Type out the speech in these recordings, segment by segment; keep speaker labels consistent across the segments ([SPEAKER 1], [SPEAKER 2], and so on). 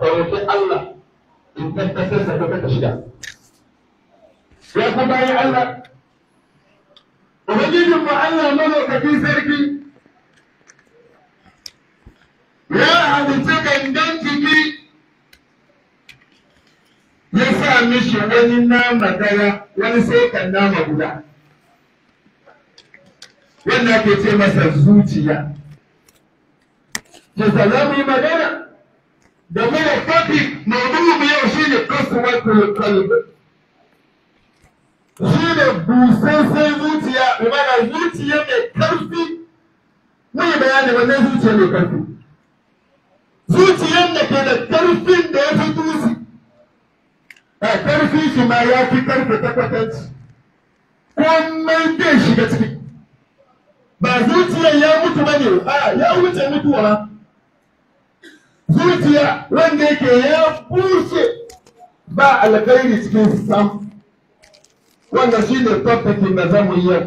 [SPEAKER 1] ƙaunaci Allah in ta kasar da kaka shiga. Ya ku bayan Allah, Ubangijin mu Allah malaukakin sarki ya halitta gangan jiki ya sa mishi wani nama daya wani sai kan nama guda. Wanda ke ce masa zuciya. Ki zama magana game da topic maudu'u yau shine customer kalbi shine busassan zuciya mana zuciya mai karfi mai bayani wannan zuciya mai karfi zuciyar da ke da karfin da ya fi dutse a karfin shi ma ya fi karfe ta kwatanci komai zai shiga ciki ba zuciyar ya mutu ba ne a ya wuce mutuwa zuciya wanda yake ya bushe ba alkhairi cikin sam wannan shi ne tattakin da zamu yi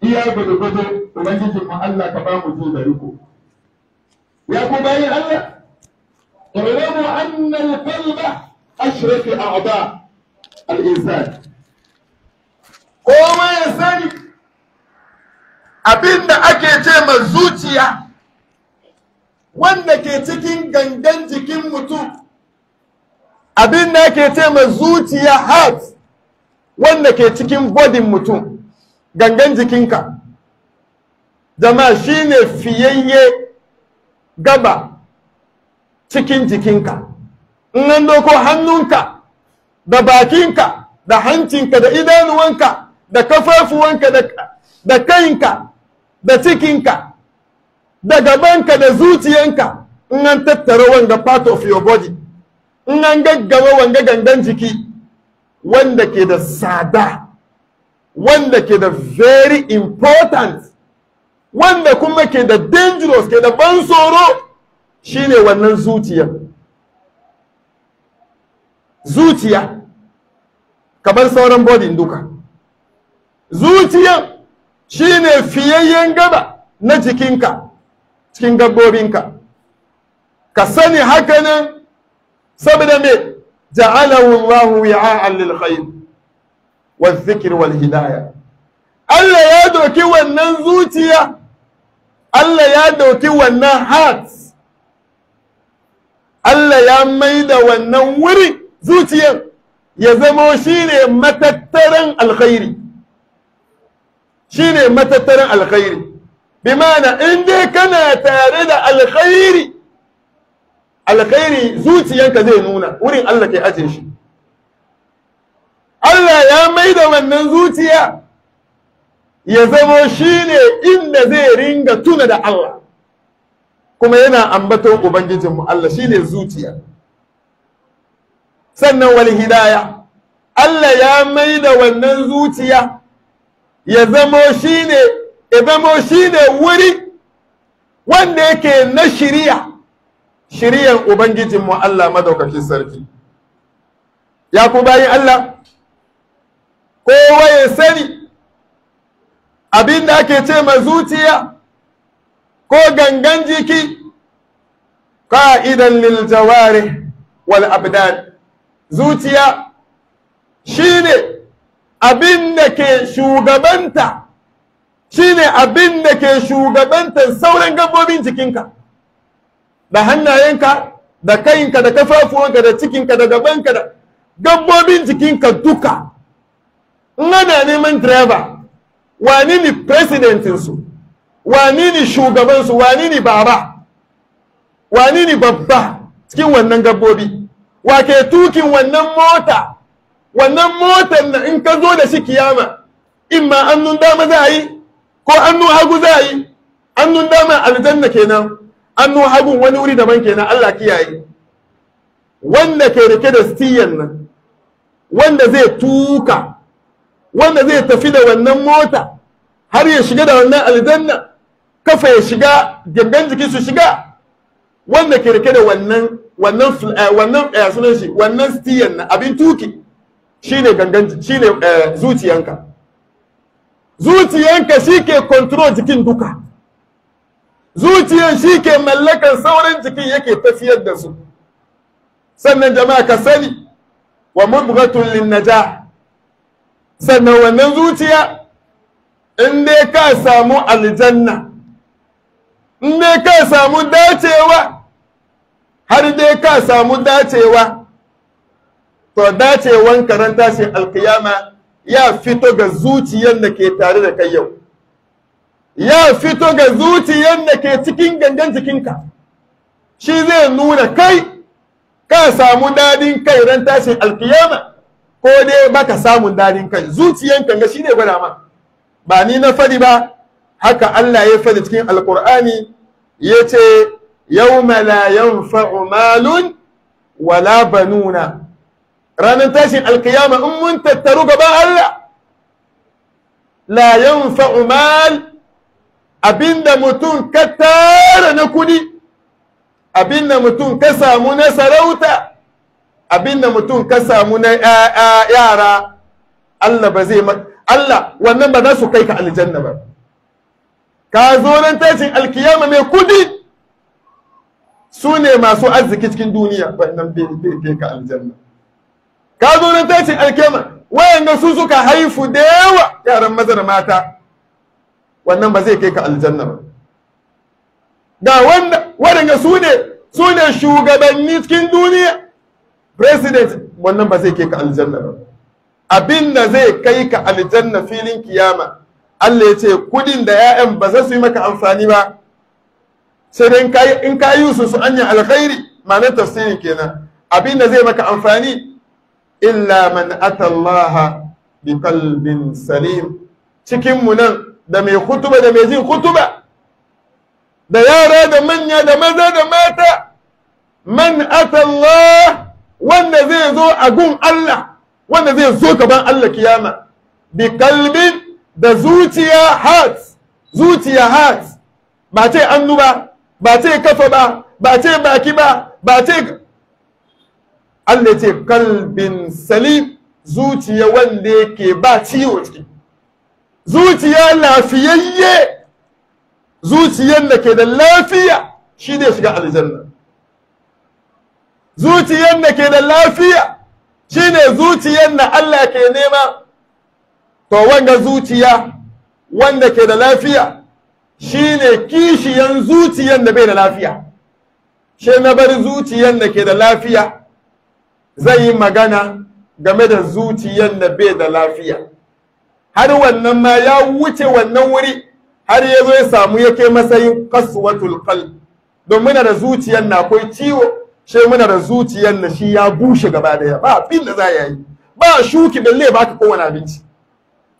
[SPEAKER 1] iya gudu-gudu ubangijin mu Allah ka ba mu ji da riko ya ku bayin Allah اعلموا أن القلب أشرف أعضاء الإنسان kowa ya sani abin da ake ce ma zuciya wanda ke cikin gangan jikin mutum abin da ke ce ma zuciya heart wanda ke cikin bodin mutum gangan jikinka jama'a shine fiyayye gaba cikin jikinka in nan doko hannunka da bakinka da hancinka da idanuwanka da kafafuwanka da kayinka da cikinka da gabanka da zuciyanka in an tattara wanga part of your body in an gaggama wanga gangan jiki wanda ke da sada wanda ke da very important wanda kuma ke da dangerous ke da ban tsoro shine wannan zuciya zuciya kaban sauran bodin duka zuciya shine fiyayyen gaba na jikinka cikin gabbobinka, ka sani hakanan saboda me ja'alahu Allahu wi'a'an lil khair wa dhikr wal hidayah Allah ya doki wannan zuciya Allah ya doki wannan heart Allah ya maida wannan wuri zuciyar ya zamo shine matattaran alkhairi shine matattaran alkhairi Bimana in dai kana tare da alkhairi alkhairi zuciyanka zai nuna wurin Allah ke aje shi Allah ya mai da wannan zuciya ya zamo ne inda zai ringa tuna da Allah kuma yana ambaton ubangijinmu Allah ne zuciya sannan wal hidaya Allah ya mai da wannan zuciya ya zamo ne. ibamo shi ne wuri wanda yake na shiriya shiriyan ubangijinmu Allah madaukakin sarki ya ku bayin Allah kowa ya sani abin ake ce ma zuciya ko gangan jiki ka'idan lil jawari wal abdan zuciya shine abin da ke shugabanta shine abin da ke shugabantar sauran gabobin jikinka da hannayenka da kayinka da kafafuwanka da cikinka da gabanka da gabobin jikinka duka ana neman direba wani ne presidentinsu wani ne shugabansu wani ne baba wani ne babba cikin wannan gabobi wa ke tukin wannan mota wannan motar na in ka zo da shi kiyama in ma annun dama za a yi ko annu hagu za yi annun dama aljanna kenan annu hagun wani wuri daban kenan Allah kiyaye wanda ke rike da stiyan nan wanda zai tuka wanda zai tafi da wannan mota har ya shiga da wannan aljanna kafa ya shiga gangan jiki su shiga wanda ke rike da wannan wannan eh, wannan eh, sunan shi wannan stiyan nan abin tuki shine gangan shine eh, zuciyanka zuciyanka shi ke control jikin duka zuciyan shi ke mallakan sauran jikin yake tafiyar da su sannan jama'a ka sani wa lin najah sannan wannan zuciya in dai ka samu aljanna in dai ka samu dacewa har dai ka samu dacewa to dacewan karanta shi alkiyama ya fito ga zuciyar da ke tare da kai yau ya fito ga zuciyar da ke cikin gangan jikinka shi zai nuna kai ka samu dadin kai ran tashin alkiyama ko dai baka samun dadin kai Zuciyar ga shi ne gwada ma ba ni na fadi ba haka Allah ya fadi cikin alkur'ani ya ce yawma la yanfa'u malun wala banuna ranar tashin alkiyama in mun tattaru gaba Allah la yanfa mal abinda mutum ka tara na kudi abinda mutum ka samu na sarauta abinda mutum ka samu na yara Allah ba zai Allah wannan ba za su kai ka aljanna ba ka zo nan tashin alkiyama mai kudi su ne masu arziki cikin duniya wannan bai kai ka aljanna ka zo nan tace alkema wayanda su suka haifu da yawa yaran maza da mata wannan ba zai kai ka aljanna ba da wanda wadanda su ne su ne shugabanni cikin duniya president wannan ba zai kai ka aljanna ba abin da zai kai ka aljanna filin kiyama Allah ya ce kudin da 'ya'yan ba za su yi maka amfani ba sai dai in ka yi su su anya alkhairi ma'anar tafsirin kenan abin da zai maka amfani illa man atallaha bi kalbin salim cikin mu nan da mai kutuba da mai jin hutuba da yara da manya da maza da mata man atallah wanda zai zo a gun Allah wanda zai zo gaban Allah kiyama bi kalbin da zuciya heart zuciya heart ba ce annu ba ba ce kafa ba ba ce baki ba ba ce Allah ce kalbin salim zuciya wanda yake ba ciwo ciki zuciya lafiyayye zuciyar da ke da lafiya shi ne shiga aljanna zuciyar da ke da lafiya shi ne zuciyar da Allah ke nema to wanga zuciya wanda ke da lafiya shi ne kishiyan zuciyar da bai da lafiya shi na bari zuciyar da ke da lafiya zai yi magana game da zuciyar da bai da lafiya har wannan ma ya wuce wannan wuri har ya zo ya samu ya kai matsayin kasuwatul qalb don muna da zuciyar na akwai ciwo sai muna da zuciyar na, shi ya bushe gaba daya ba abin da za ya yi ba shuki balle ka kowane abinci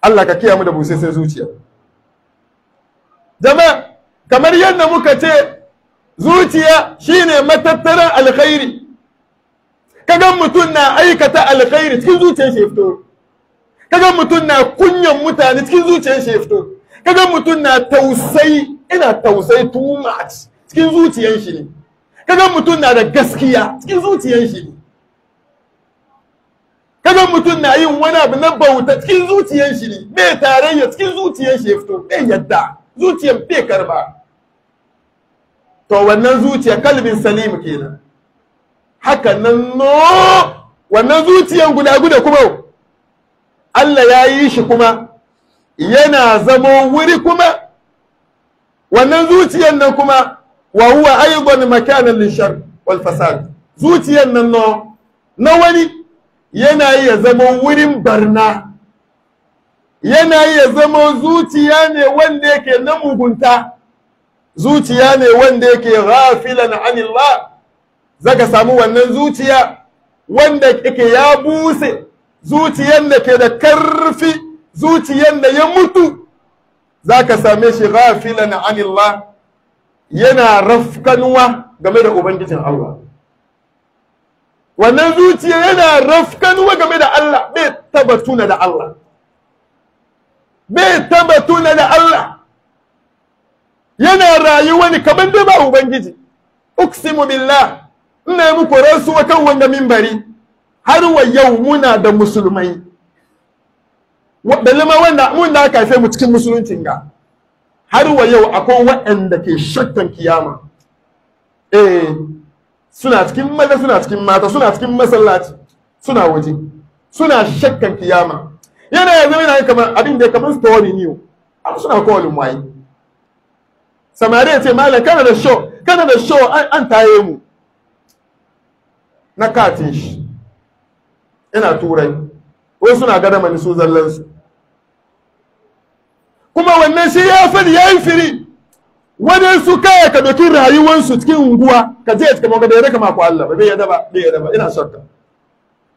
[SPEAKER 1] Allah ka kiyamu da busai sai zuciya jama'a kamar yadda muka ce zuciya shine matattaran alkhairi kaga mutum na aikata alkhairi cikin zuciyar shi fito kaga mutum na kunyan mutane cikin zuciyar shi fito kaga mutum na tausayi ina tausayi too much cikin zuciyar shi ne kaga mutum na da gaskiya cikin zuciyar shi ne kaga mutum na yin wani abu na bauta cikin zuciyar shi ne bai tarayya cikin zuciyar shi fito bai yadda zuciyar bai karba to wannan zuciya kalbin salim kenan haka nan no wannan zuciyan guda guda kuma Allah ya yi shi kuma yana zamo wuri kuma wannan zuciyan nan kuma wa huwa aidan makanan lishar wal fasad zuciyan nan no na wani yana iya zama wurin barna yana iya zama zuciya ne wanda yake na mugunta zuciya ne wanda yake ghafilan anillah zaka samu wannan zuciya wanda yake ya buse zuciyan da ke da karfi zuciyan da ya mutu zaka same shi ghafilan anillah yana rafkanuwa game da ubangijin Allah wannan zuciya yana rafkanuwa game da Allah bai taba tuna da Allah bai taba tuna da Allah yana rayuwa ne kamar da ba ubangiji uksimu billah ina mu koran su kan wanda mimbari har wa yau muna da musulmai dalima wanda mun da aka mu cikin musuluncin ga har wa yau akwai waɗanda ke shakkan kiyama eh suna cikin maza suna cikin mata suna cikin masallaci suna waje suna shakkan kiyama yana yanzu yana kamar abin da kamar story ne amma suna kowalin waye samari ya ce malam kana da show kana da show an taye mu na katin shi ina turai wai suna gada mani su zallansu kuma wannan shi ya sani ya yi firi wani su kaya ka doki rayuwansu cikin unguwa ka je cikin maka bai raka maku Allah bai yada ba bai yada ba ina shakka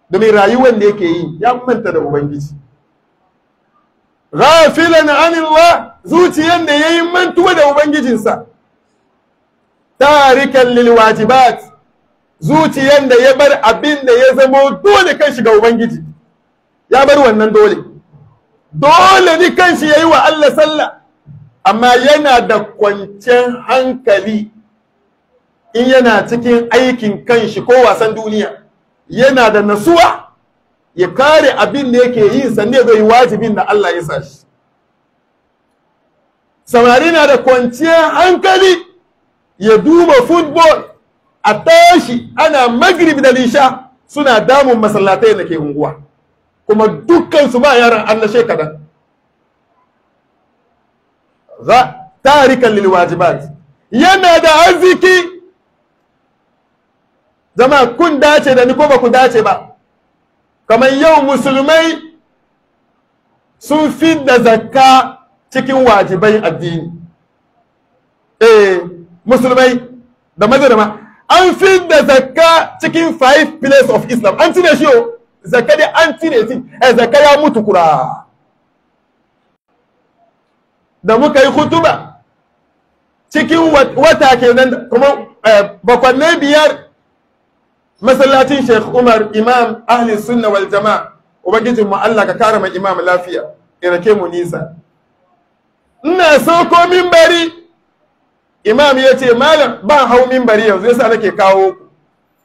[SPEAKER 1] domin rayuwan da yake yi ya manta da ubangiji ghafilan anillah zuciyan da yayi mantuwa da ubangijinsa tarikan lilwajibat zuciyan da ya bar abin da ya zamo dole kan ga ubangiji ya bar wannan dole dole ni kan shi yayi wa Allah sallah amma yana da kwanciyar hankali in yana cikin aikin kanshi ko wasan duniya yana da nasuwa ya kare abin da yake yi ne zai yi wajibin da Allah ya sa samari na da kwanciyar hankali ya duba football a tashi ana magrib da lisha suna damun masallatai da ke unguwa kuma dukkan su ba yaran Allah she kadan za tarikan lil wajibat yana da arziki zama kun dace da ni ko ba ku dace ba kamar yau musulmai sun fi da zakka cikin wajibai addini eh musulmai da mazarma an fi da zakka cikin five pillars of islam an cire shi yau zakka dai an cire shi a eh, zakka ya mutu kura da muka yi hutuba cikin wata ke kenan kuma eh, bakwanne biyar masallacin Sheikh Umar Imam Ahli Sunna wal Jama'a ubangijin mu Allah ka kara mai imam lafiya irake mu nisa ina so komin bari. imam ya ce malam ba hau mimbari yanzu yasa nake kawo ku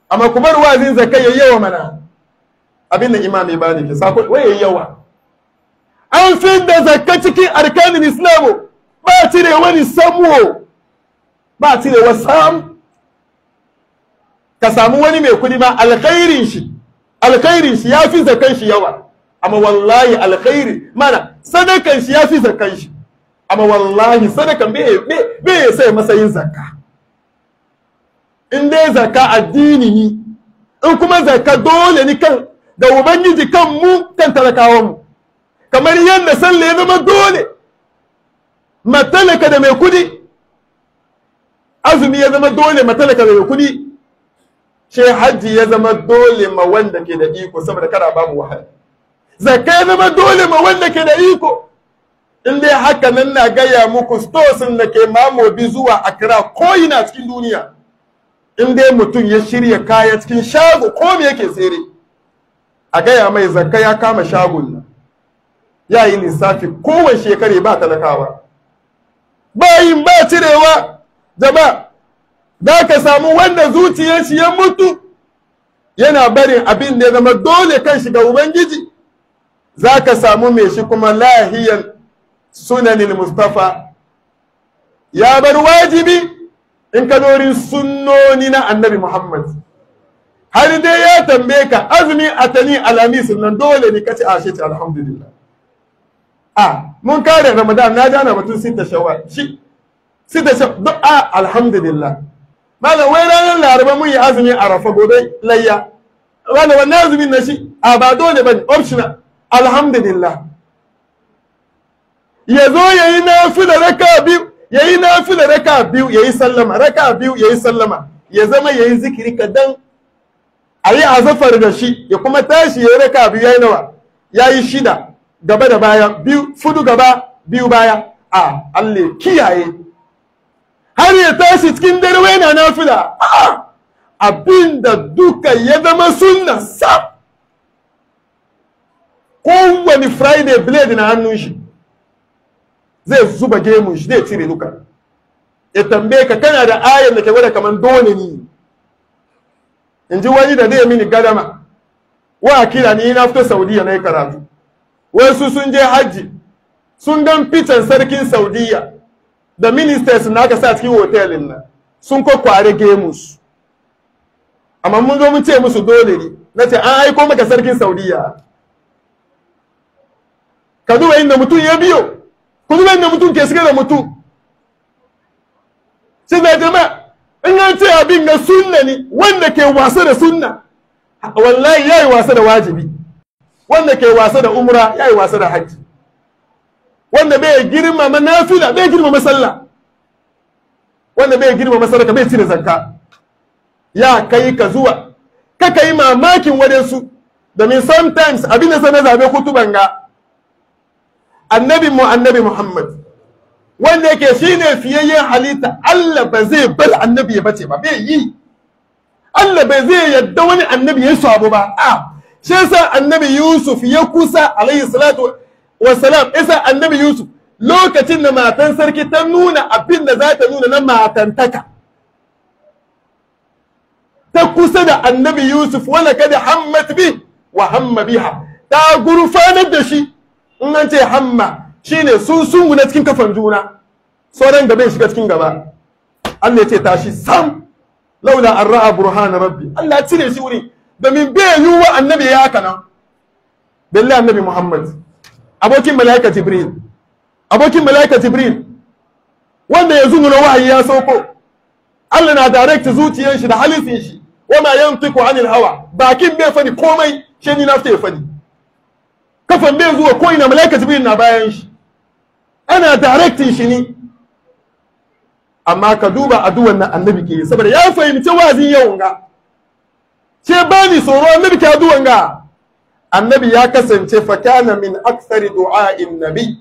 [SPEAKER 1] amma ku bar wazin zakai yayi yawa mana abin da imam ya bani ke sako waye yawa an fi da zakka cikin arkanin islamu ba cire wani samwo. ba cire wa sam ka samu wani mai kudi ma alkhairin shi alkhairin shi ya fi zakan shi yawa amma wallahi alkhairi mana sadakan shi ya fi zakan shi amma wallahi sadakan me ya sai yin zakka in dai zakka addini ni in kuma zakka dole ni kan da ubangiji kan mu kan talakawan mu kamar yadda sallah ya zama dole matalaka da mai kudi azumi ya zama dole matalaka da mai kudi she hajji ya zama dole ma wanda ke da iko saboda kada ba mu wahala zakka ya zama dole ma wanda ke da iko in dai haka nan na gaya muku stosin da ke mamobi zuwa akira ko ina cikin duniya in dai mutum ya shirya kaya cikin shago ko me yake tsere a gaya mai zakka ya kama shagon nan ya yi lissafi kowane shekare ba talakawa ba yin ba cirewa jaba da ka samu wanda zuciyar shi ya mutu yana barin abin da ya zama dole kan shi ga ubangiji za ka samu mai shi kuma lahiyan Sunanin mustafa ya bar wajibi in ka dorin sunnoni na annabi muhammad har dai ya tambaye ka azumi a tani alhamis nan dole ne kace a shi ta alhamdulillah a mun kare ramadan na jana batun sita shawa shi sita shawa a alhamdulillah malam wai ranar laraba mun yi azumi a rafa gobe layya wanda wannan azumin na shi a ba dole bane optional alhamdulillah ya zo ya yi nafila raka biyu ya yi nafila raka biyu ya yi sallama raka biyu ya yi sallama ya zama ya yi zikiri kadan a yi azafar da shi ya kuma tashi ya yi raka biyu ya yi nawa ya yi shida gaba da baya biyu fudu gaba biyu baya a alle kiyaye har ya tashi cikin dare yana nafila abin da duka ya zama sunna sa kowane friday blade na hannun shi zai zuba gemun shi zai cire duka ya tambaye ka kana da ayar da ke gwada kamar dole ni in ji wani da zai mini gadama wa kira ni na fito saudiya na yi karatu wasu sun je hajji sun gan fitan sarkin saudiya da ministers na aka sa cikin hotelin nan sun kwakware gemus amma mun zo mun ce musu dole ne na ce an aiko maka sarkin saudiya ka duba inda mutum ya biyo ku zuba inda mutum ke shiga da mutum shi da jama'a in an ce abin na sunna ne wanda ke wasa da sunna wallahi ya yi wasa da wajibi wanda ke wasa da umra ya yi wasa da hajji wanda bai girmama nafila bai girmama sallah wanda bai girmama sadaka bai cire zakka ya kai ka zuwa Ka kai mamakin wadansu domin sometimes abin da sana zabe kutuban ga annabin mu annabi Muhammad wanda yake shine fiyayyen halitta Allah ba zai bar annabi ya bace ba bai yi Allah bai zai yadda wani annabi ya sabo ba a shi yasa annabi Yusuf ya kusa alayhi salatu wa salam isa annabi Yusuf lokacin da matan sarki ta nuna abin da za ta nuna na matantaka ta kusa da annabi Yusuf wala kada hammat bi wa hamma biha ta gurfanar da shi in an ce hamma shine sun sungu na cikin kafan juna sauran gaba ya shiga cikin gaba Allah ya ce tashi sam laula an ra'a burhan rabbi Allah cire shi wuri domin bai yiwuwa annabi ya haka nan annabi Muhammad abokin malaika Jibril abokin malaika Jibril wanda ya zunguna wahayi ya sauko Allah na direct zuciyar shi da halisin shi wa ma yantiqu anil hawa bakin bai fadi komai shi ni na fita ya fadi kafan bai zuwa ko ina malaika jibril na bayan shi ana directing shi ne amma ka duba addu'an nan annabi ke saboda ya fahimci wazin yau ga ce ba ni tsoro annabi ke addu'an ga annabi ya kasance kana min du'a du'a'in nabi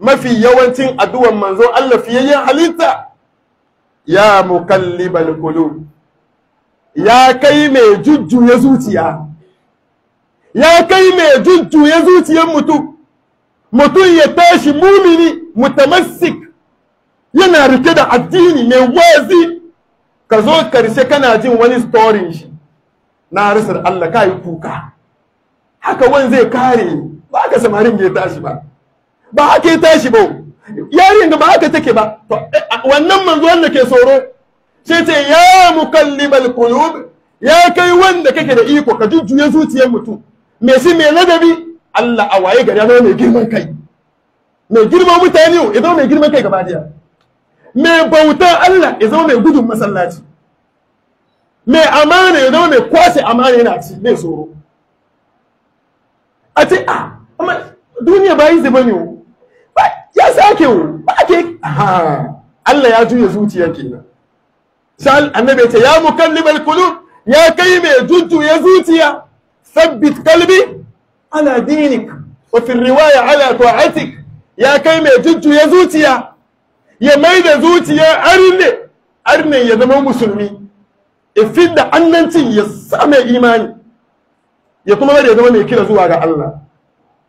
[SPEAKER 1] mafi yawancin addu'an manzo Allah yin halitta ya mukallibal qulub ya kai mai jujjuya zuciya ya kai mai jin tuye zuciyar mutum mutum ya tashi mumini mutamassik yana rike da addini mai wazi ka zo karshe kana jin wani storin shi na risar Allah ka yi kuka haka wani zai kare ba ka samarin ya tashi ba ba haka ya tashi ba yarin da ba haka take ba eh, wannan manzo wanda ke tsoro sai ce ya mukallibal qulub ya kai wanda kake da iko ka jujjuye zuciyar mutum me si me ladabi Allah a waye gari ya zama mai girman kai mai girman mutane ya zama mai girman kai gaba daya mai bauta Allah ya zama mai gudun masallaci mai amana ya zama mai kwashe amana yana ci mai tsoro a ce a ah, amma duniya ba yi zama ne ba ya sake wo ba ke Allah ya juya zuciya kenan sal annabi ya ce ya mukallibal qulub ya kai mai jujjuya zuciya sabbit kalbi ala dinik wa fi riwaya ala ta'atik ya kai mai jujjuya zuciya ya mai da zuciya arne arne ya zama musulmi ifin da annancin ya same imani ya kuma bari ya zama mai kira zuwa ga Allah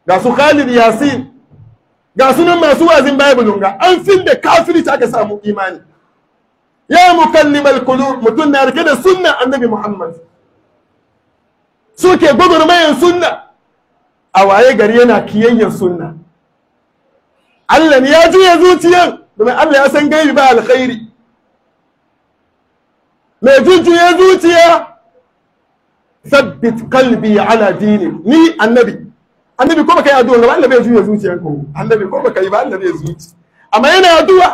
[SPEAKER 1] ga su Khalid Yasin ga sunan masu wazin Bible ga an fin da kafirci aka samu imani ya mukallimal Malkulu mutum na rike da sunna annabi Muhammad suke gwagwarmayan sunna a waye gari yana kiyayyar sunna Allah ne ya juya zuciyar domin Allah ya san gaibi ba alkhairi mai jujjuya zuciya sabbit kalbi ala dini ni annabi annabi ko baka yi addu'a ba Allah bai juya zuciyar ko annabi ko baka yi ba Allah bai zuci amma yana addu'a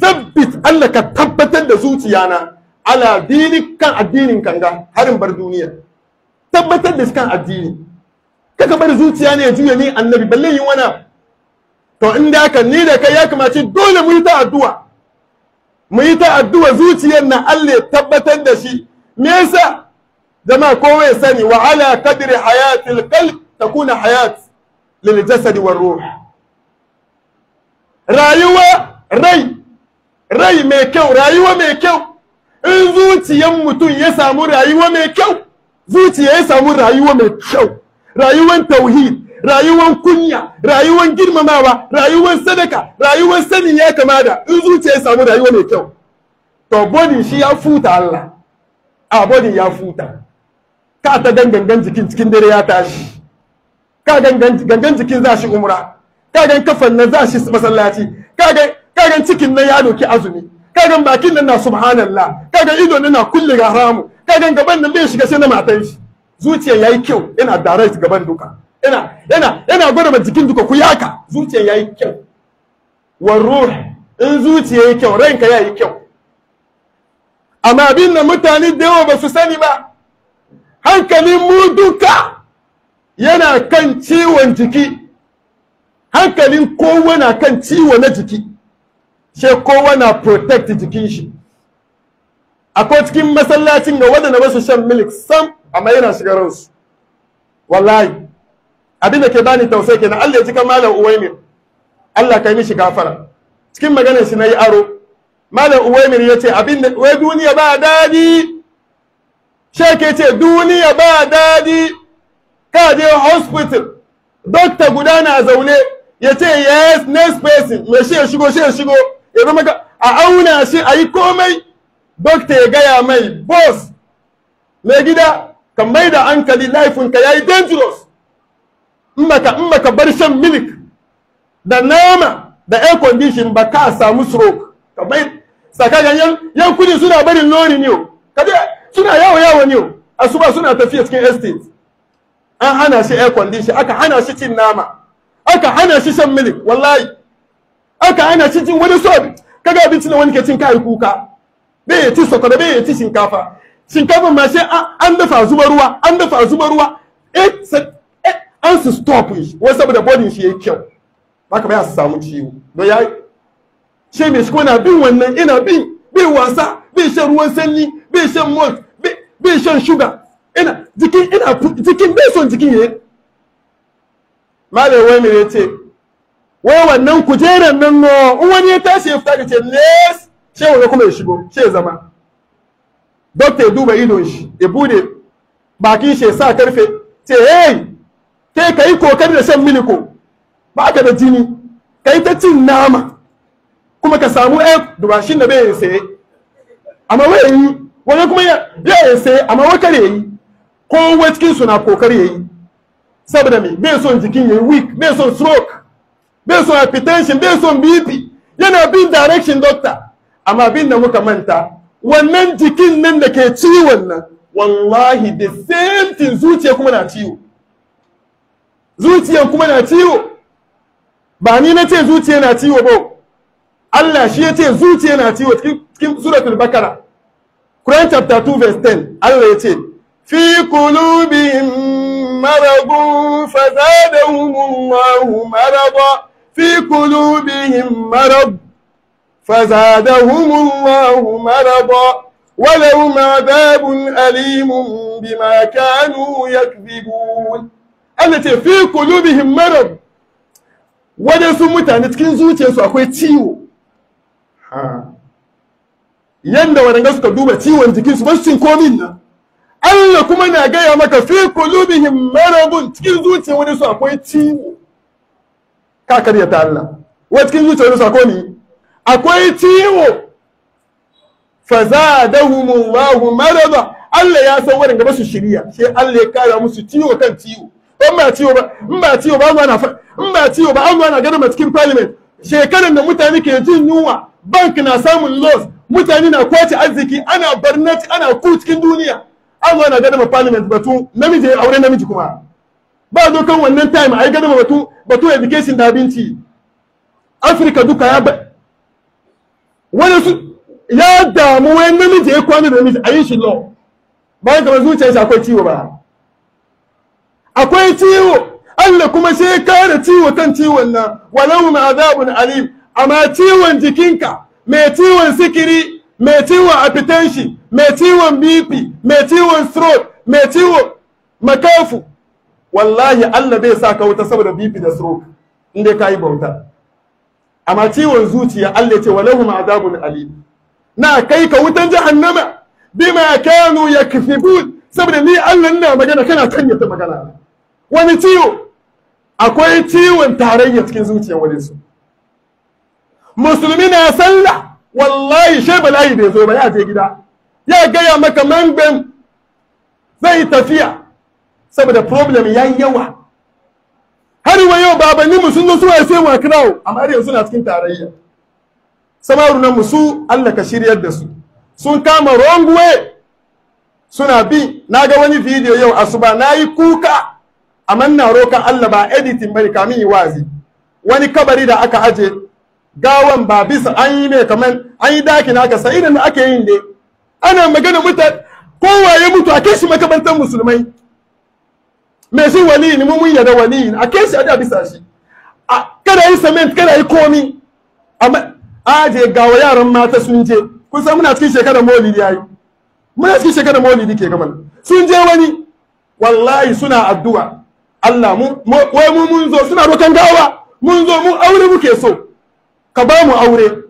[SPEAKER 1] sabbit Allah ka tabbatar da zuciyana ala dini kan addinin kanga harin bar duniya tabbatar da kan addini kaka bar zuciya ne ya juya ni annabi balle yin wana to in da haka ni da kai ya kamace dole mu yi ta addu'a mu yi ta addu'a zuciyar na Allah tabbatar da shi me yasa jama'a kowa ya sani wa ala qadri hayatil qalb takuna hayat lil jasad war ruh rayuwa rai rai mai kyau rayuwa mai kyau in zuciyar mutum ya samu rayuwa mai kyau zuciya ya samu rayuwa mai kyau rayuwan tauhid rayuwan kunya rayuwan girmamawa rayuwan sadaka rayuwan sanin ya kamada in zuciya ya samu rayuwa mai kyau to body shi ya futa Allah a body ya futa ka ta gangan jikin cikin dare ya tashi ka gangan jikin za shi umra ka gan kafan na za shi masallaci ka gan cikin na ya doki azumi ka gan bakin nan na subhanallah ka gan ido na na kulli haramu kagan gaban nan bai shiga sai na matan shi zuciyar yayi kyau yana direct gaban duka yana ina ina gwada ma jikin duka ku yaka zuciyar yayi kyau wa ruh in zuciya yayi kyau ranka yayi kyau amma abin da mutane da yawa ba su sani ba hankalin mu duka yana kan ciwon jiki hankalin kowa na kan ciwo na jiki sai kowa na protect jikin shi akwai cikin masallacin ga wadanda ba su shan milik sam amma yana shiga ransu wallahi abinda ke bani tausayi kenan Allah ya ji kan malam Uwaimir Allah kai mishi gafara cikin maganar shi nayi aro malam Uwaimir yace abinda da wai duniya ba dadi sheke ce duniya ba dadi ka je hospital doctor guda na zaune yace yes next person me shi ya shigo shi ya shigo ya zama a auna shi ayi komai dokta ya gaya mai boss mai gida ka mai da hankali laifinka ya yi dangerous in baka bar shan milik da nama da air condition ba ka samu stroke ka bai sakagan yan kudi suna barin lori ne je suna yawo yawo ne asuba suna tafiya cikin estate an hana shi air condition aka hana shi cin nama aka hana shi shan milik wallahi aka hana shi cin wani sobi kaga abinci na wani ke cin kai kuka bai ya ci sakwada bai ya ci shinkafa shinkafa ma sai an dafa zuba ruwa an dafa zuba ruwa eh, eh, an su stop shi wai saboda bodin shi yayi kyau baka bai su samu ciwo don yayi shi mai shi na bin wannan ina bin bai wasa bai shan ruwan sanyi bai shan malt bai shan sugar ina jikin ina jikin bai son jikin yayi malai wai me yace wai wannan kujeran nan no in wani ya tashi ya fita ka ce les sai wani kuma ya shigo sai ya zama dokta ya duba idon shi ya bude bakin shi ya sa karfe ce hey kai ka yi kokari da shan miliko ba ka da jini ka yi ta cin nama kuma ka samu ɗaya dubashin da bai saye amma wai yi wani kuma ya yi saye amma wai kare yi kowa cikin suna na kokari ya yi saboda me bai son jikin ya yi weak bai son stroke bai son hypertension bai son bp yana bin direction doctor amma abin da muka manta wannan jikin nan da ke ciwon nan wallahi the same thing zuciya kuma na ciwo zuciya kuma na ciwo ba ni na ce zuciya na ciwo ba Allah shi ya ce zuciya na ciwo cikin suratul bakara Quran chapter 2 verse 10 Allah ya ce fi qulubihim maradun fazadahum Allah marada fi qulubihim marad فزادهم الله مرضا ولهم عذاب أليم بما كانوا يكذبون التي في قلوبهم مرض wadansu mutane cikin zuciyarsu akwai ciwo yadda wadanda suka duba ciwon jikinsu ba su cin komin nan Allah kuma na gaya maka fi kulubihim marabun cikin zuciyar wadansu akwai ciwo ka karyata Allah wa cikin zuciyar wadansu akwai akwai ciwo fazadahumullahu marada Allah ya san wani ba su shirya sai Allah ya kara musu ciwo kan ciwo in ba ciwo ba in ba ciwo ba an na in ba ciwo ba an na cikin parliament shekaran da mutane ke jin yunwa bank na samun loss mutane na kwace arziki ana barnati ana ku cikin duniya an na ganin parliament batu namiji ya aure namiji kuma ba dokan wannan time ai ganin batu batu education da abinci Afirka duka ya wani su ya damu namiji ya kwana da namiji a yi shi law bayan kamar zuciyar shi akwai ciwo ba akwai ciwo Allah kuma sai ya kare ciwo kan ciwon nan walau ma azabun alim amma ciwon jikinka mai ciwon sikiri mai ciwon hypertension mai ciwon bp mai ciwon stroke mai ciwon makafu wallahi Allah bai sa ka wuta saboda bp da stroke inda ka yi bauta amma ciwon zuciya Allah ce walahum azabun alim na kai ka wutan jahannama bima kanu yakthibun saboda ni Allah na magana kana canja ta magana wani ciwo akwai ciwon tarayya cikin zuciyar wani su musulmi na sallah wallahi shai bala'i bai zo ba ya je gida ya gaya maka mangan zai tafiya saboda problem ya yawa har wa yau babanni mu sun zo suna sai wa kirawo amma har yanzu suna cikin tarayya samaru na musu Allah ka shiryar da su sun kama rongwe suna bi na ga wani bidiyo yau asuba na yi kuka a na rokan Allah ba editing bane kamin yi wazi wani kabari da aka aje gawan ba bisa an yi ne kamar an yi daki na aka sa idan ake yin ne ana magana mutane kowa ya mutu a kai shi makabantar musulmai me shi wali ne mu mun yarda wali ne a kai shi a bisa shi kada yi cement kada yi komi amma aje gawa yaran mata sun je kun san muna cikin shekarar maulidi yayi muna cikin shekarar maulidi ke kamar sun je wani wallahi suna addu'a Allah mu wai mu mun zo suna rokan gawa mun zo mun aure muke so ka ba mu aure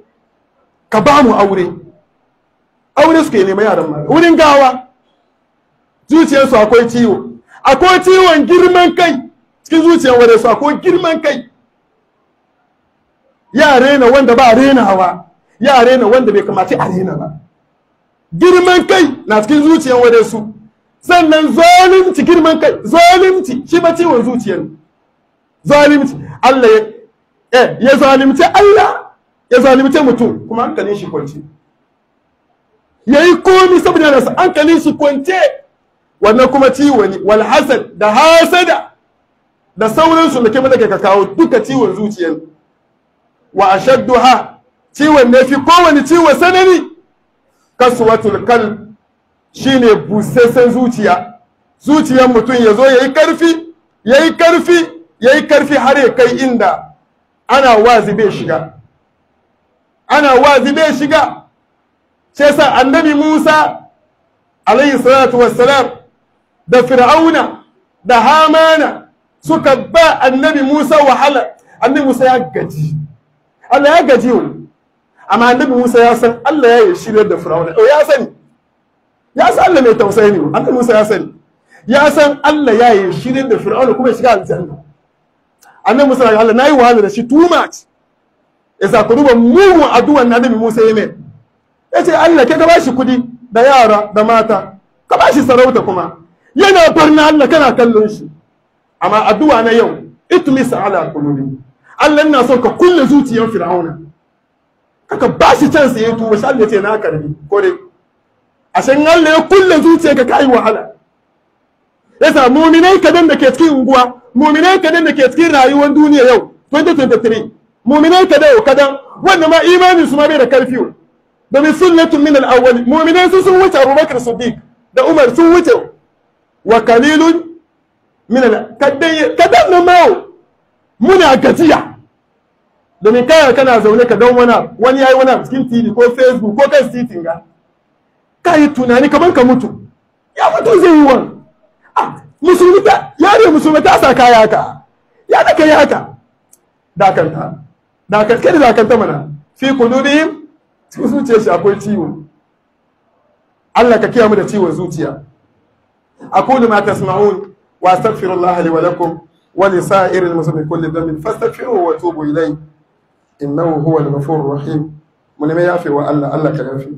[SPEAKER 1] ka ba mu aure aure suke nema yaran mata wurin gawa zuciyarsu akwai ciwo akwai ciwon girman kai cikin zuciyar wadda su akwai girman kai ya rena wanda ba renawa ya rena wanda bai kamace a rena ba girman kai na cikin zuciyar wadda su sannan zalunci girman kai zalunci shi ba ciwon zuciyar zalunci Allah ya eh, ya zalunci Allah ya zalunci mutum kuma hankalin shi kwance yayi komi saboda nasa hankalin shi kwance wannan kuma ciwo ne da hasada da sauransu da ke mata ka kawo duka ciwon zuciyar wa ashadduha ciwon ne fi kowane ciwon sanani kaswatul qalb shine busassan zuciya zuciyar mutum ya zo yayi karfi yayi karfi yayi karfi har ya kai inda ana wazi bai shiga ana wazi bai shiga sai sa annabi Musa alayhi salatu wassalam da fir'auna da hamana suka ba annabi musa wahala annabi musa ya gaji allah ya gaji wa amma annabi musa ya san allah ya yi shiryar da fir'auna oh, ya sani ya san allah mai tausayi ne annabi musa ya sani ya san allah ya yi shiryar da fir'auna kuma ya shiga aljanna annabi musa ya allah na yi wahala da shi too much yasa ku duba mugun addu'an na annabi musa ya mai ya ce allah ke ka ba shi kudi da yara da mata ka ba shi sarauta kuma yana barna Allah kana kallon shi amma addu'a na yau itmis ala qulubi Allah na son ka kulle zuciyar fir'auna kaka ba shi chance ya tuba shi Allah ce na karbi ko dai san Allah ya kulle zuciyar ka kai wahala yasa muminai kadan da ke cikin unguwa muminai kadan da ke cikin rayuwar duniya yau 2023 muminai kadan kadan wanda ma imanin su ma bai da karfi domin sunnatun min al-awwal muminai sun wuce Abubakar Siddiq da Umar sun wuce wa kalilun minana kadan na mawo muna gajiya domin kayar kana zaune ka don wani wani yayi wani cikin tv ko facebook ko kan sitin ga ka yi tunani kaman ka mutu ya mutu zai yi wani ah, musulmi ta yare musulmi ta sa kaya ka ya da kai haka dakanta dakanta kai dakanta mana fi kudurihim su zuciya shi akwai ciwo Allah ka kiyamu da ciwon zuciya أقول ما تسمعون وأستغفر الله لي ولكم ولسائر المسلمين كل ذنب فاستغفروه وتوبوا إليه إنه هو الغفور الرحيم من يعفي وألا ألا كيعفي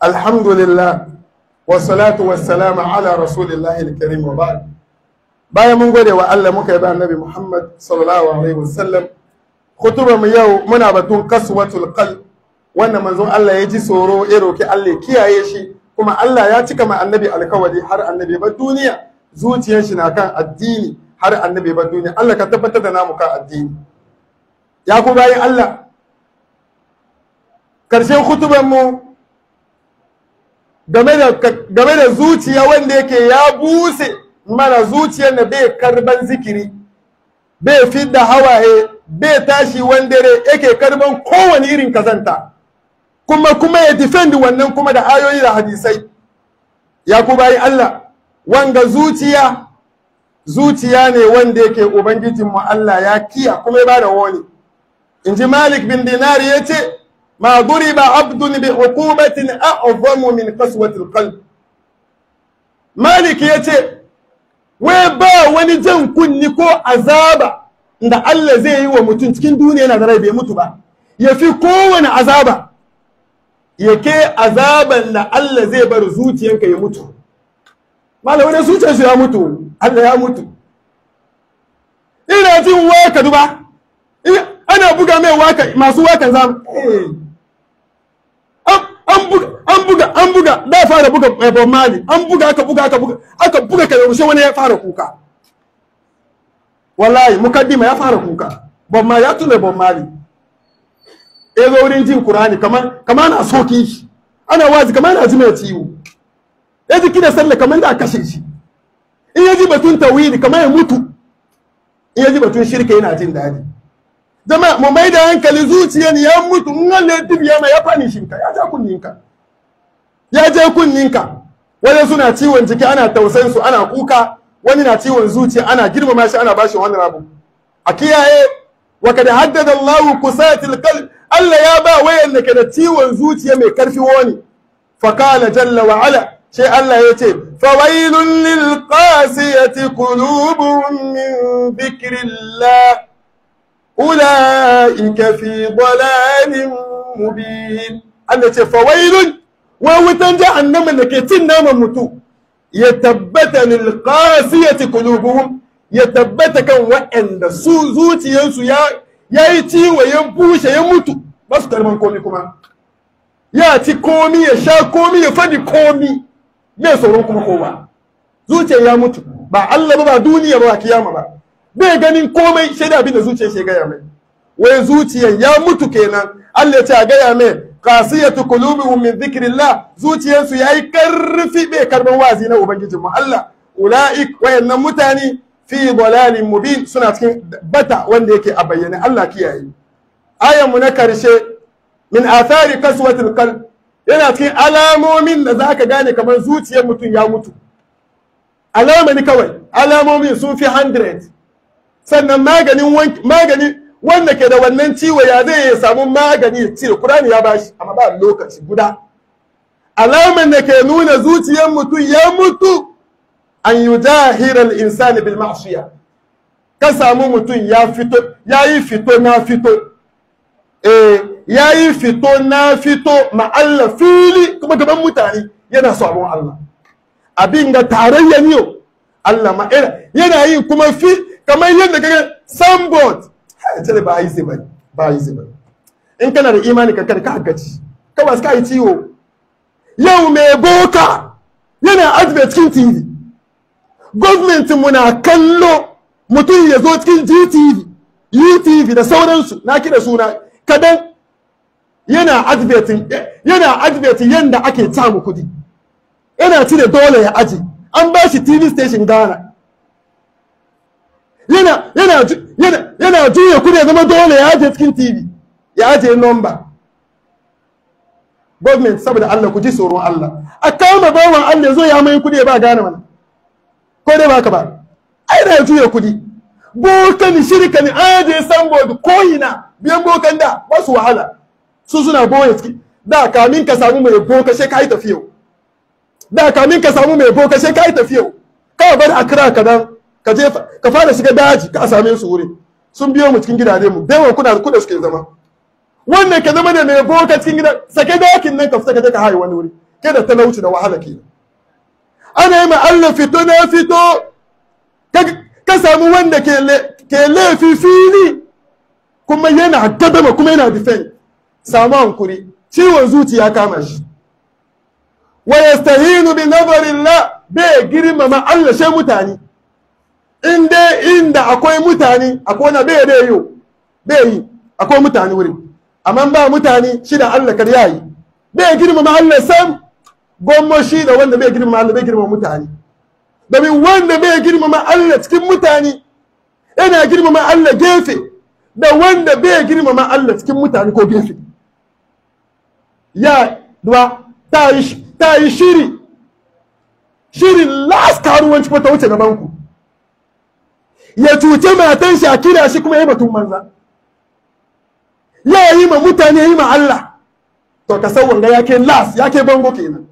[SPEAKER 1] alhamdulillah wassalatu wassalamu ala rasulillahi alkarim bayan mun gode wa Allah muka yi ba annabi Muhammad sallallahu alaihi wasallam khutubar mu yau muna batun kaswatul qalb wannan manzon Allah ya ji tsoro ya roki Allah kiyaye shi kuma Allah ya cika ma annabi alkawari har annabi ba duniya zuciyar shi na kan addini har annabi ba duniya Allah ka tabbatar da namu kan addini ya ku bayan Allah karshen khutubar mu game da zuciya wanda yake ya buse mana zuciyar da bai karban zikiri bai fidda hawaye bai tashi wanda yake karban kowane irin kazanta kuma kuma ya defend wannan kuma da ayoyi da hadisai ya ku bayi Allah wanga zuciya zuciya ne wanda yake ubangijinmu Allah ya kiya kuma ya bada wani in ji Malik bin Dinari ya ce ما ضرب عبد بعقوبة أعظم من قسوة القلب مالك يتي wai ba wani jan kunne ko azaba da Allah zai yi wa mutum cikin duniya yana da rai bai mutu ba ya fi kowane azaba yake azaban da Allah zai bar zuciyanka ya mutu malam wani zuciyarsu ya mutu Allah ya mutu ina jin waka duba ana buga mai waka masu wakan zamu an buga an buga an buga da fara buga eh, babban mali an buga aka buga aka buga aka buga kai sai wani ya fara kuka wallahi mukaddima ya fara kuka babban mali ya tuna babban mali ya zo wurin jin Qur'ani kamar kamar na soki shi ana wazi kamar na jima ciwo ya ji kida sallah kamar da kashe shi in ya ji batun tawhid kamar ya mutu in ya ji batun shirka yana jin daɗi zama mu mai da hankali zuciyan ya mutu in Allah ya dubiya mai ya fani shinka ya ja kunninka ya je kunninka wani suna ciwon jiki ana tausayin su ana kuka wani na ciwon zuciya ana girmama shi ana bashi wani rabu a kiyaye wa kad haddada Allah kusatil qalb Allah ya ba wayanda ke da ciwon zuciya mai karfi wani fa qala jalla wa ala sai Allah ya ce fawailun lil qasiyati qulubuhum min dhikrillah ula'ika fi dalalin mubin Allah ce fawailun wa wutan jahannama da ke cin naman mutu ya tabbata ya ci qulubuhum ya tabbata kan waɗanda su ya yayi ciwo ya bushe ya mutu ba su komi kuma ya ci komi ya sha komi ya fadi komi bai sauran kuma kowa zuciya ya mutu ba Allah ba ba duniya ba kiyama ba bai ganin komai sai da abin da zuciyar shi gaya mai wai zuciyar ya mutu kenan Allah ya ce a gaya mai qasiyatu qulubuhum min dhikrillah zuciyarsu yayi karfi bai karban wazi na ubangijin mu Allah ulaik wayannan mutane fi dalalin mubin suna cikin bata wanda yake a bayyane Allah kiyaye ayanmu na karshe min athari kaswatil qalb yana cikin alamomin da za ka gane kamar zuciyar mutum ya mutu alama kawai alamomin sun fi hundred. sannan maganin magani wanda ke da wannan ciwo ya zai ya samu magani ya cire kurani ya shi amma ba lokaci guda alamar da ke nuna zuciyar mutum ya mutu an yi jahirar insani bil ma'asiya ka samu mutum ya fito ya yi fito na fito eh, ya yi fito na fito ma'alla fili kuma gaban mutane yana sabon Allah abin da tarayya ne Allah ma'ira yana yin kuma fi kamar yadda kaga sandboard jale ba easy bane ba easy bane in kana da imani ka kada ka haggaci kawai suka yi ciwo yau mai boka yana advert cikin tv gwamnatin mu na kallo mutum ya zo cikin gtv utv da sauransu na kira suna kadan yana advertin yana advertin yanda ake camu kudi yana cire dole ya aji an ba shi tv station ghana yana juya kudi ya zama dole ya ajiye cikin tv ya ajiye nomba. government saboda Allah ku ji tsoron Allah a kama bawan Allah zo ya mai kudi ya ba gane mana ko dai baka ba ai yana juya kudi bokan shirka ne aje sambod koyina biyan bokan da ba su wahala su suna boye ciki da kamin ka samu mai boka sai kai tafiyo da kamin ka samu mai boka sai kai tafiyo ka bar akra kadan ka je ka fara shiga daji ka same su wuri sun biyo mu cikin gidaje mu da yawan kuna kuna suke zama wannan ka zama da mai boka cikin gida sake dakin nan ka fita ka je ka hayi wani wuri kai da talauci da wahala ke ana yi ma Allah fito na fito ka samu wanda ke laifi fili kuma yana ma kuma yana defend samu hankuri ciwon zuciya kama shi wa yastahinu bi nazarillah bai girmama Allah sai mutane in dai inda akwai mutane akwai wani bai bai yau bai yi akwai mutane wurin amma ba mutane shi da Allah kar yayi bai girmama Allah sam gomma shi da wanda bai girmama Allah bai girmama mutane domin wanda bai girmama Allah cikin mutane yana girmama Allah gefe da wanda bai girmama Allah cikin mutane ko gefe ya duwa ta yi shiri shirin las karuwanci ko ta wuce gaban ku ya cuce matan shi a kira shi kuma ya batun manza ya yi ma mutane yi ma Allah to ka san wanga yake las yake bango kenan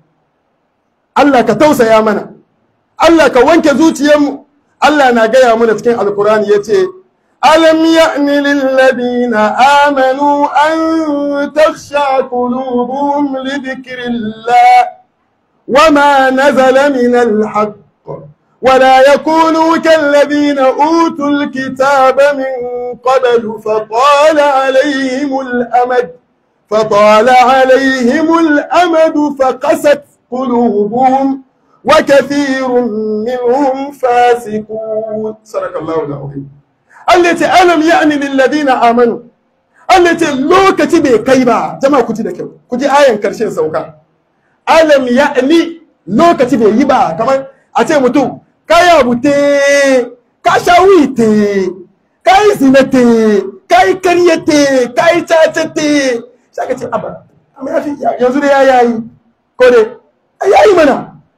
[SPEAKER 1] Allah ka tausaya mana Allah ka wanke zuciyarmu Allah na gaya mana cikin alkurani ya ce ألم يأن an آمنوا أن تخشع قلوبهم wa ma وما نزل na الحق ولا يكونوا كالذين أوتوا الكتاب من قبل فطال عليهم الأمد فطال عليهم الأمد فقست قلوبهم وكثير منهم فاسقون سرك الله العظيم التي ألم يعني للذين آمنوا التي لو كتب كيبا جماعة كتب كيبا كتب آية كرشين سوكا ألم يعني لو كتب بيبا كمان أتي مطوب kasha wite kai zinete kai karyate kai chachete shaka ce aba yanzu da ya yayi ko dai yayi mana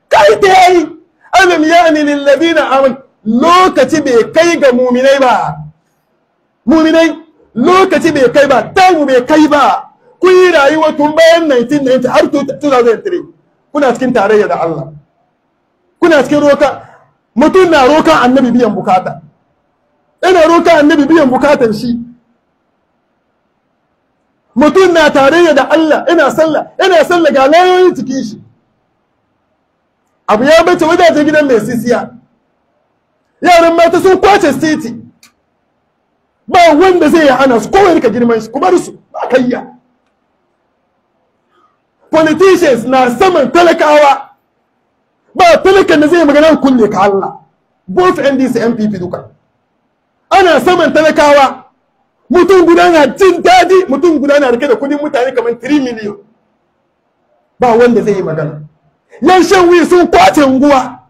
[SPEAKER 1] kai ta yayi alam yani lil ladina aman lokaci bai kai ga muminai ba muminai lokaci bai kai ba time bai kai ba kun yi rayuwa tun bayan 1990 har 2003 kuna cikin tarayya da Allah kuna cikin roka mutum na rokan annabi biyan bukata ina rokan annabi biyan bukatan shi mutum na tarayya da Allah ina sallah ina sallah ga layoyin cikin shi abu ya bace wajajen gidan mai sisiya yaran mata sun kwace city ba wanda zai yi hana su kowai rika girman shi kuma su ba kayya politicians na saman talakawa ba talakan da zai magana kulle ka Allah both NDC MPP duka ana saman talakawa mutum guda na jin daɗi mutum guda na rike da kudin mutane kamar 3 miliyan ba wanda zai yi magana yan shan wuyi sun kwace unguwa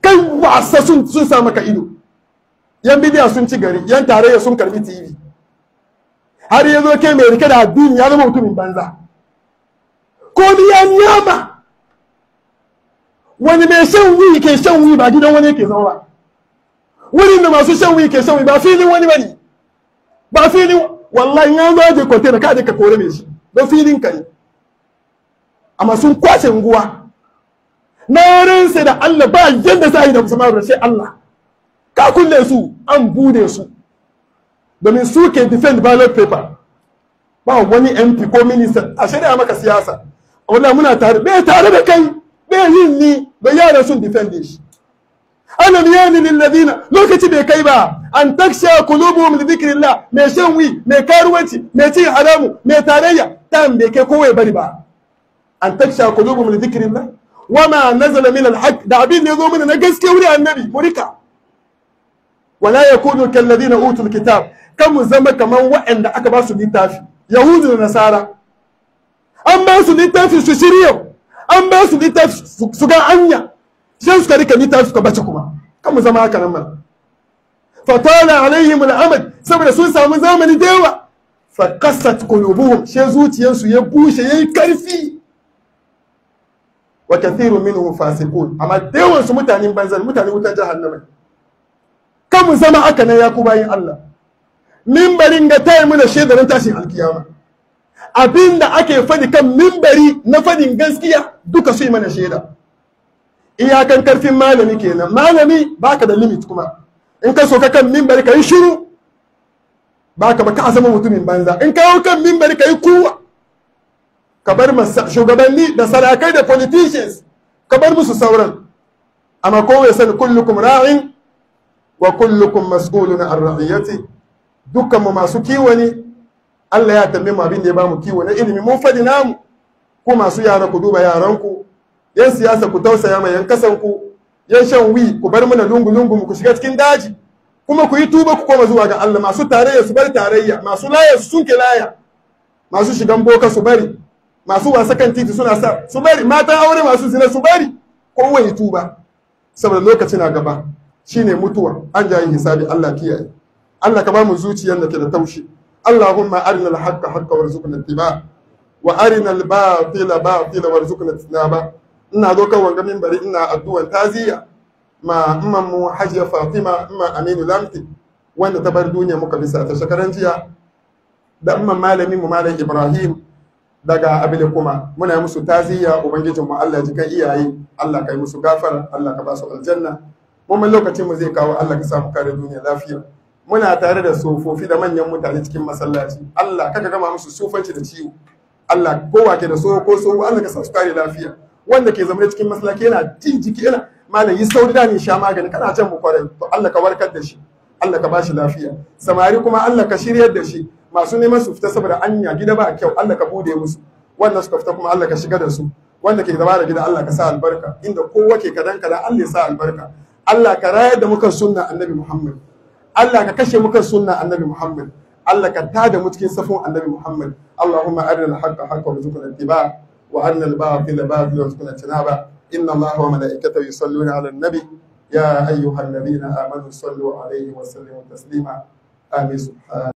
[SPEAKER 1] kai wasa sun sun sa maka ido yan bidiya sun ci gari yan tarayya sun karbi tv har ya zo kai mai rike da addini ya zama mutumin banza ko ni ya nyama wani mai shan wuyi ke shan wuyi ba gidan wani ke zama ba wurin da masu shan wuyi ke shan wuyi ba filin wani bane ba filin wallahi ya zo je container ka je ka kore mai shi Ba filin ka ne amma sun kwace unguwa na sai da Allah ba yadda sai da musamman da sai Allah ka kulle su an bude su domin su ke defend ballot paper ba wani MP ko minister a shari'a maka siyasa wallahi muna tare Me tare da kai bai yin ni da yaran sun defende shi alam yani ladina lokaci bai kai ba an taksha qulubuhum li dhikrillah me shan wi me karuwanci me cin haramu me tarayya tan bai kai kowai bari ba an taksha qulubuhum li dhikrillah wama nazala min alhaq da abin da yazo mana na gaske wuri annabi murika wala yakunu kal ladina utul kitab kamu zama kaman waɗanda aka ba su littafi yahudu da nasara an ba su littafi su shirya an ba su littafi su ga anya sai suka rika littafi suka bace kuma kan mu zama haka nan ma fa tala alaihim al-amad saboda sun samu zamani dewa fa qasat qulubuhum sai zuciyarsu ya bushe yayi karfi wa kathiru minhum fasiqun amma dewan su mutanen banzan mutanen wutar jahannama kan mu zama haka nan ya ku bayin Allah mimbarin ga tayi mu da shedarin tashin alkiyama abin da ake fadi kan mimbari na fadin gaskiya duka su yi mana shaida iyakan karfin malami kenan malami baka da limit kuma in ka soka kan mimbari ka yi shiru baka ba ka zama mutumin banza in ka hau kan mimbari ka yi kuwa ka bar shugabanni da sarakai da politicians ka bar musu sauran amma ko ya sani kullukum ra'in wa kullukum mas'ulun an ra'iyati dukkan mu masu kiwo ne Allah ya tambaye mu abin da ya bamu kiwo na ilimi mun fadi namu ko masu yara ku duba yaran ku yan siyasa ku tausaya mai yan kasan ku yan shan wi ku bar mana lungu lungu mu ku shiga cikin daji kuma ku yi tuba ku koma zuwa ga Allah masu tarayya su bar tarayya masu laya su sunke laya masu shigan boka su bari masu wasa kan titi suna sa su bari matan aure masu zina su bari kowa ya tuba saboda lokaci na gaba shine mutuwa an jayin hisabi Allah kiyaye Allah ka ba mu zuciyar da ke da taushi اللهم أرنا الحق حقا وارزقنا اتباعه وأرنا الباطل باطلا وارزقنا اجتنابه ina zo kan wanga mimbari ina addu'an taziya ma imman hajiya fatima imman aminu lamti wanda ta bar duniya muka bisa ta shekaran jiya da imman malamin malam ibrahim daga abile kuma muna musu taziya ubangijin mu Allah jikan kan iyaye Allah kai musu gafar, Allah ka ba aljanna mu lokacin mu zai kawo Allah ka samu kare duniya lafiya muna tare da sofofi da manyan mutane cikin masallaci Allah kaka gama musu sufanci da ciwo Allah kowa ke da soho ko soho Allah ka sa su kare lafiya wanda ke zama cikin masallaci yana jin jiki yana malam yi sauri da ne sha magani kana can mu kwarai to Allah ka warkar da shi Allah ka bashi lafiya samari kuma Allah ka shiryar da shi masu neman su fita saboda anya gida ba kyau Allah ka bude musu wannan suka fita kuma Allah ka shiga da su wanda ke zama da gida Allah ka sa albarka inda kowa ke kadan kadan Allah ya sa albarka Allah ka rayar da muka sunna annabi Muhammad Allah ka kashe mu kan sunna annabi Muhammad Allah ka tada mu cikin safon annabi Muhammad Allahumma arina al-haqqa haqqan warzuqna ittiba'a wa arina al-batila batilan warzuqna ijtinaba inna Allaha wa malaikatahu yusalluna 'ala an-nabi ya ayyuhalladhina amanu sallu 'alayhi wa sallimu taslima amin subhan